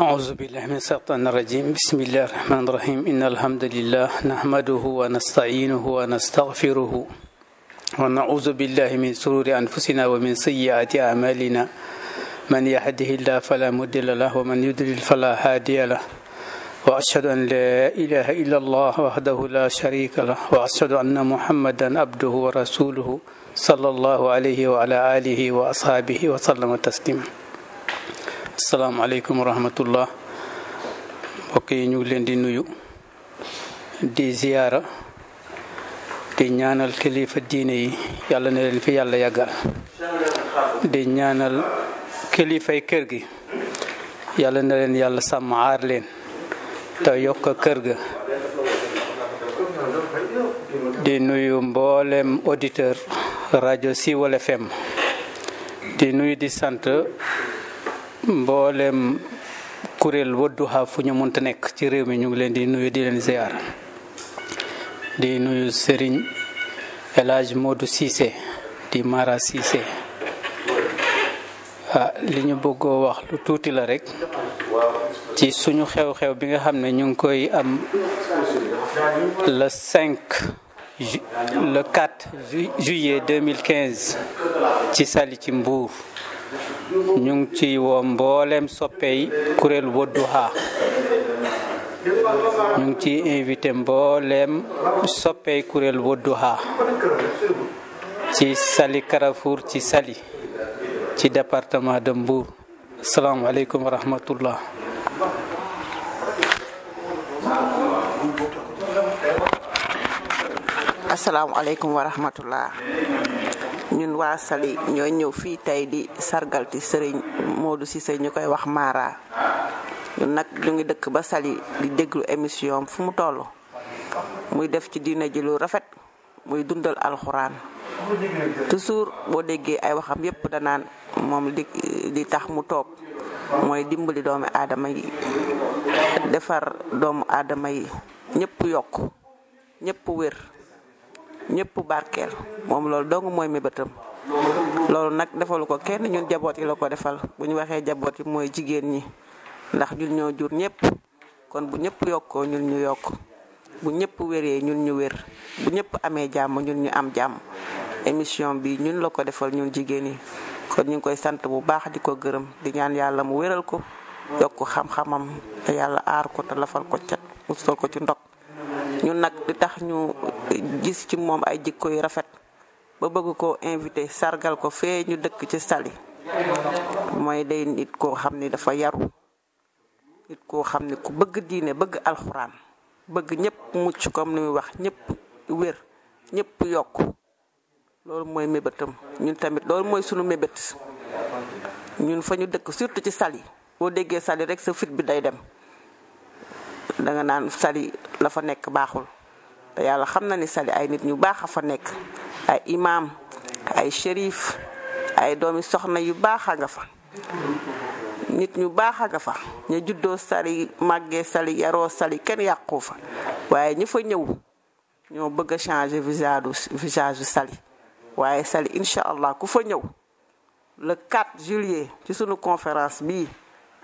أعوذ بالله من الشيطان الرجيم بسم الله الرحمن الرحيم إن الحمد لله نحمده ونستعينه ونستغفره ونعوذ بالله من سرور أنفسنا ومن سيئات أعمالنا من يهده الله فلا مضل له ومن يضلل فلا هادي له وأشهد أن لا إله إلا الله وحده لا شريك له وأشهد أن محمدا عبده ورسوله صلى الله عليه وعلى آله وأصحابه وسلم تسليما asalaamaaleykum wa rahmatullah mbokk yi ñu ngi leen di nuyu di ziyaara di ñaanal kilifa diine yi yàlla na leen fi yàlla yàggal di ñaanal kilifay kër gi yàlla na leen yàlla sàmm aar leen te yokk kër ga di nuyu mboolem auditeur rajo Siwal FM di nuyu di sant mboolem kuréel Wadduha fu ñu mënta nekk ci réew mi ñu ngi leen di nuyu di leen ziar di nuyu sëriñ elage Hadj Modou Cissé di Mara Cissé ah li ñu bëggoo wax lu tuuti la rek ci suñu xew-xew bi nga xam ne ñu ngi koy am le 5. le 4 juillet 2015 ci Timbou, ci Mbour ñu ngi ci wo mbollem soppey kurel Wadduha ñu ngi ci invité mbollem soppey Carrefour ci département de Mbour wa rahmatullah Assalamualaikum warahmatullah. rahmatullah ñun wa sali ñoo ñew fi tay di sargal ti sëriñ Modou Cissé wax Mara ñun nak ñu ngi dëkk ba sali di déglu émission fu mu tollu muy def ci diina ji lu rafet muy dundal alxuraan Tusur bo déggé ay waxam yépp naan mom di di tax mu toog moy dimbali doomi adama yi defar doomu adama yi ñepp yok ñepp wër ñepp barkel, mom lool dong mooy mébétam lool nak defal ko kenn ñun Nyun yi lako ko defal buñ waxe jabot yi moy jigen ñi ndax ñun ñoo jur ñepp kon bu ñepp yokko ñun ñu yokk bu ñepp wéré ñun ñu wér bu ñepp amé jamm ñun ñu am jamm émission bi ñun lako ko defal ñun jigen yi kon ñu koy sante bu baax diko ko di ñaan yalla mu wéral ko ko xam-xamam te aar ko te lafal ko cat musal ko ci ndok ñun nak di tax ñu gis ci moom ay jikko yu rafet ba bëgg koo invité sargal ko fee ñu dëkk ci sali mooy day nit koo xam ni dafa yaru nit koo xam ni ku bëgg diine bëgg alxuraan bëgg ñëpp mucc comme ni muy wax ñépp wér ñépp yokk loolu mooy mébétam ñun tamit loolu mooy sunu mébét ñun fa ñu dëkk surtout ci Saly boo déggee sali rek sa fit bi day dem danga naan sali la fa nekk baaxul te yàlla xam na ni sali ay nit ñu baax a fa nekk ay imaam ay shérif ay doomi soxna yu baax a nga fa nit ñu baax a nga fa ñu juddoo sali màggee sali yaroo sali kenn yàqu fa waaye ñi fa ñëw ñoo bëgg a changer visage visage sali waaye sali incha allah ku fa ñëw le 4 juillet ci sunu conférence bi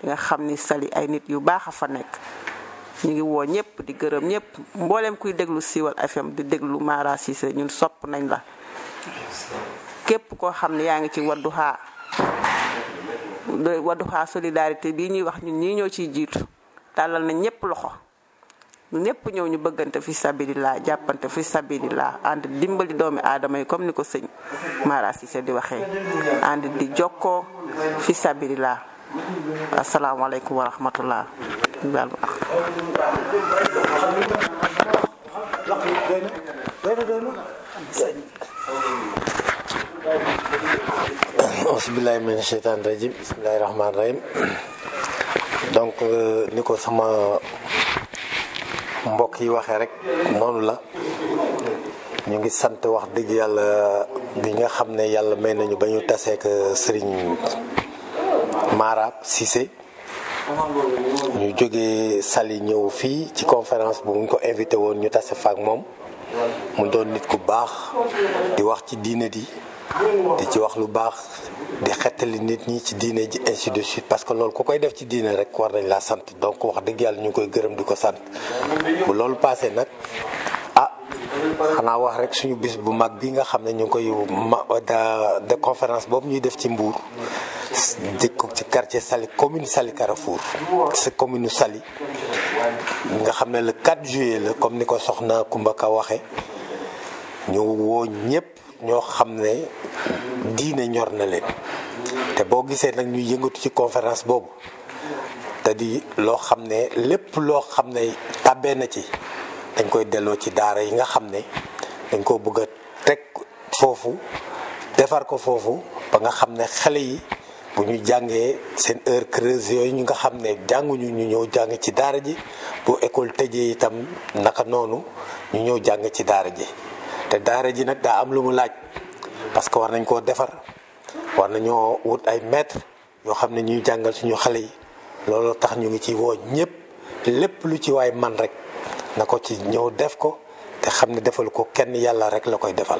nga xam ni sali ay nit yu baax a fa nekk ñu ngi woo ñëpp di gërëm ñëpp mboolem kuy déglu siwal FM di déglu Mara Cissé ñun sopp nañ la képp koo xam ne yaa ngi ci Wadduha Wadduha solidarité bii ñuy wax ñun ñii ñoo ciy jiitu tàllal na ñëpp loxo ñëpp ñëw ñu bëggante fi sabilillah jàppante fi sabilillah ànd dimbali doomi aadama comme ni ko Mara Cissé di waxee ànd di jokkoo fi sabilillah asalaamaaleykum wa rahmatullah baal bu ak bismillahi min shaytan rajim bismillahi euh, sama mbokk yi waxee rek noonu la ñu ngi sant wax dëgg yàlla bi nga xam ne yàlla euh, Mara ñu jóge Saly ñëw fii ci conférence bu ñu ko invité woon ñu tase fa ak moom mu doon nit ku baax di wax ci diine di di ci wax lu baax di xettali nit ñi ci diine ji ainsi suite parce que loolu ku koy def ci diine rek war nañ laa sant donc wax dëgg yàlla ñu koy gërëm di ko sant bu loolu paasee nag ah xanaa wax rek suñu bis bu mag bi nga xam ne ñu ngi koy ma de conférence boobu ñuy def ci Mbour dëkk ci quartier Saly commune Saly Carrefour sa commune Saly nga xam ne la 4 juillet la comme ni ko soxna Kumba Ka waxe ñu woo ñëpp ñoo xam ne diine ñor na leen te boo gisee nag ñu yëngatu ci conférence boobu te di loo xam ne lépp loo xam ne tàbbee na ci dañ koy delloo ci daara yi nga xam ne dañ koo bëgg a teg foofu defar ko foofu ba nga xam ne xale yi bu ñu jàngee seen heure creuse yooyu ñu nga xam ne jànguñu ñu ñëw jàng ci daara ji bu école tëjee itam naka noonu ñu ñëw jàng ci daara ji te daara ji nag daa am lu mu laaj parce que war nañ koo defar war nañoo wut ay maître yoo xam ne ñuy jàngal suñu xale yi looloo tax ñu ngi ci woo ñëpp lépp lu ci waay man rek na ko ci ñëw def ko te xam ne defalu ko kenn yàlla rek la koy defal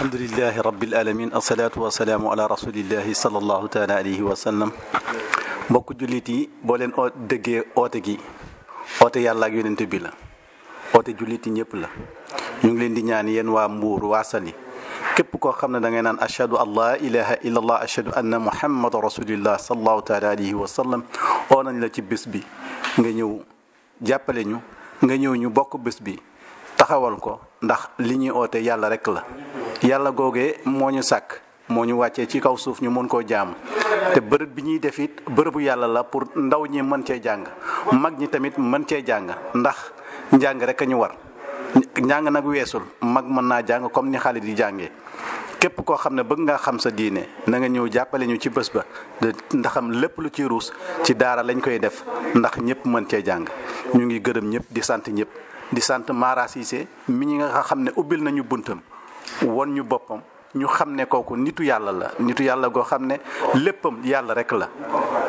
الحمد لله رب العالمين الصلاة والسلام على رسول الله صلى الله تعالى عليه وسلم بوك جوليتي بولين او دغي اوتي جي اوتي يالا يوننتي بي لا اوتي جوليتي نيب لا نيغ لين دي نيان يين وا مبور وا سالي كيب كو خامنا داغي نان اشهد الله اله الا الله اشهد ان محمد رسول الله صلى الله تعالى عليه وسلم اون لا تي بيس بي nga ñew jappalé ñu nga ñew ñu bokk bëss bi taxawal ko ndax li ñuy oote yàlla rek la yalla goge moñu sak moñu wacce ci kaw suuf ñu mën ko jaam te bërëb bi ñuy def it yalla la pour ndaw ñi mën ci jang mag ñi tamit mën ci jang ndax jang rek ñu war ñang nak wessul mag mën na jang comme ni xale di jangé képp ko xam bëgg nga xam sa diiné na nga ñëw jappalé ñu ci bés ba ndaxam lepp lu ci ruus ci daara lañ koy def ndax ñepp mën ci jang ñu ngi gëreem ñepp di sante ñepp di sante Mara Cissé mi ñi nga ubil nañu buntam won ñu boppam ñu xam ne kooku nitu yàlla la nitu yàlla goo xam ne léppam yàlla rek la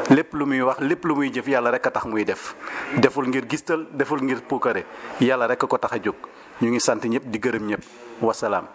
lépp lu muy wax lépp lu muy jëf yàlla rek a tax muy def deful ngir gistal deful ngir puukare yàlla rek ko tax a jóg ñu ngi sant ñëpp di gërëm ñëpp wasalaam.